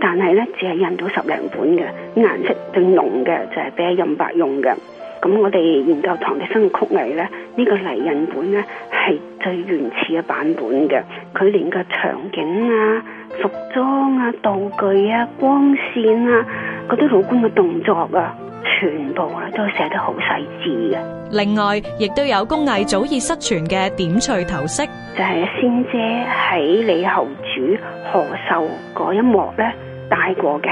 但係咧，只係印到十零本嘅，顏色最濃嘅，就係俾阿任白用嘅。咁我哋研究堂嘅新曲藝咧，呢、這個泥印本咧係最原始嘅版本嘅。佢連個場景啊、服裝啊、道具啊、光線啊、嗰啲老倌嘅動作啊，全部咧、啊、都寫得好細緻嘅。另外，亦都有工藝早已失傳嘅點翠頭飾，就係仙姐喺李後主何壽嗰一幕咧。帶過嘅，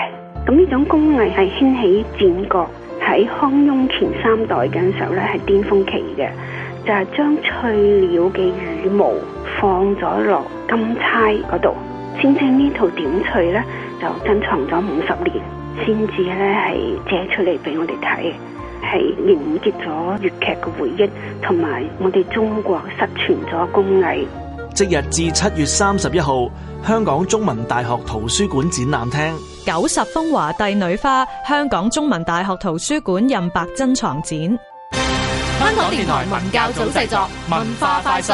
咁呢種工藝係掀起戰國喺康雍乾三代嘅時候咧係巔峰期嘅，就係將翠鳥嘅羽毛放咗落金釵嗰度。先聽呢套點翠咧，就珍藏咗五十年，先至咧係借出嚟俾我哋睇，係凝結咗粵劇嘅回憶，同埋我哋中國失傳咗工藝。即日至七月三十一號，香港中文大學圖書館展覽廳《九十風華帝女花》香港中文大學圖書館任白珍藏展。香港電台文教組製作，文化快訊。